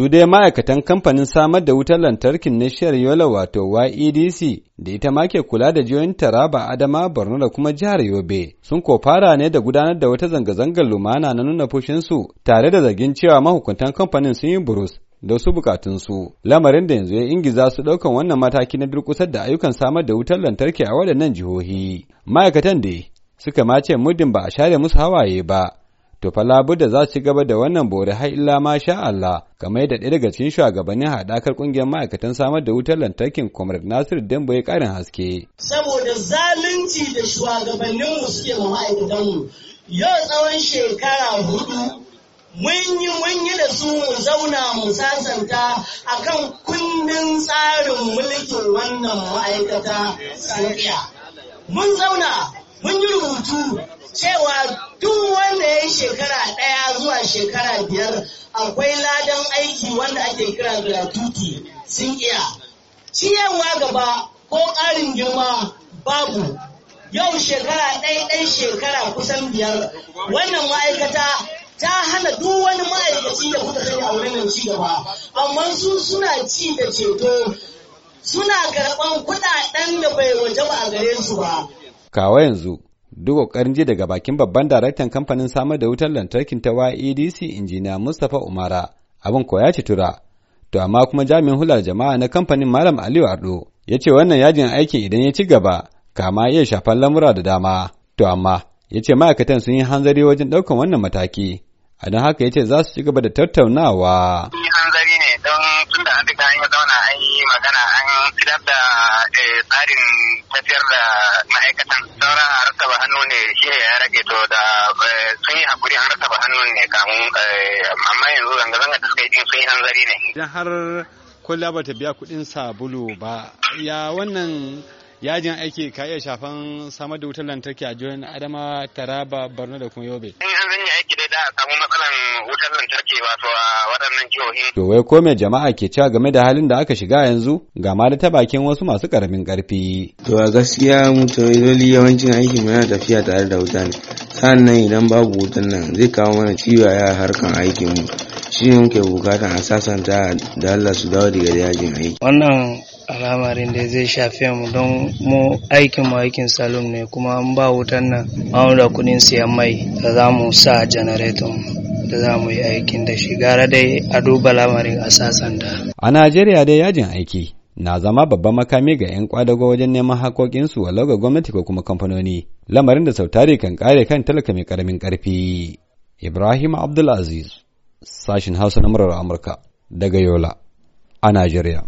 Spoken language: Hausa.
su dai ma'aikatan kamfanin samar da wutar lantarkin na shiyar yola wato yedc da ita ma ke kula da jihohin taraba adama borno da kuma jihar yobe sun ko fara ne da gudanar da wata zanga-zangar lumana na nuna fushinsu tare da zargin cewa mahukuntan kamfanin sun yi burus da su bukatunsu lamarin da yanzu ya ingiza su ɗaukan wannan mataki na durkusar da ayyukan samar da wutar lantarki a waɗannan jihohi ma'aikatan dai suka ma ce muddin ba a share musu hawaye ba to fa labuda za su gaba da wannan bore har illa ma sha Allah kamar yadda ɗaya daga cikin shugabannin haɗakar ƙungiyar ma'aikatan samar da wutar lantarkin Comrade Nasir Dembo ya ƙarin haske. Saboda zalunci da mu suke ma ma'aikatanmu yau tsawon shekara hudu mun yi mun yi da su mu zauna mu sasanta akan kundin tsarin mulkin wannan ma'aikata sanfiya. Mun zauna mun yi rubutu cewa duk wanda ya yi shekara ɗaya zuwa shekara biyar akwai ladan aiki wanda ake kira gratuity sun iya ciyarwa gaba ko ƙarin girma babu yau shekara ɗai shekara kusan biyar wannan ma'aikata ta hana duk wani ma'aikaci da kuka sani a wurin ci gaba amma su suna ci da ceto suna karɓan kuɗaɗen da bai wajaba a gare su ba Kawa yanzu, duk ƙoƙarin ji daga bakin babban daraktan kamfanin samar da wutar lantarkin ta YEDC injiniya Mustapha Umara, abin koya ci tura. To amma kuma jami'in hular jama'a na kamfanin Malam Aliyu Ardo ya ce wannan yajin aikin idan ya ci gaba kama iya shafar lamura da dama. To amma ya ce ma'aikatan sun yi hanzari wajen ɗaukan wannan mataki. A don haka ya ce za su ci gaba da tattaunawa. hanzari ne don tun da an an yi zauna an yi magana an fitar da eh, tsarin tafiyar da ma'aikatan an rataba hannun ne kamun eh, amma yanzu zanga-zanga ta suka yi sun hanzari ne. Idan har kulla ba ta biya kuɗin sabulu ba ya wannan yajin aiki ka iya shafan samar da wutar lantarki a jihohin adama taraba borno da kuma yobe. in an zanya aiki dai da a samu matsalan wutar lantarki wato a waɗannan jihohin. to wai ko me jama'a ke cewa game da halin da aka shiga yanzu ga ma da ta bakin wasu masu karamin karfi. to a gaskiya dole yawancin aikin mu yana tafiya tare da wuta ne. sannan idan babu wutan nan zai kawo mana ciwo ya harkan aikin mu shi ne muke bukatan a sasanta da Allah su dawo daga yajin aiki wannan al'amarin da zai shafe mu don mu aikin mu aikin salon ne kuma an ba wutan nan an da kudin siyan mai da za mu sa janareton da za mu yi aikin da shi gara dai a duba lamarin a sasanta a Najeriya dai yajin aiki na zama babban makami ga 'yan kwadago wajen neman hakokinsu walau ga gwamnati ko kuma kamfanoni lamarin da sautari kan kare kan talaka mai karamin karfi ibrahim abdulaziz sashin hausa na murar amurka daga yola a najeriya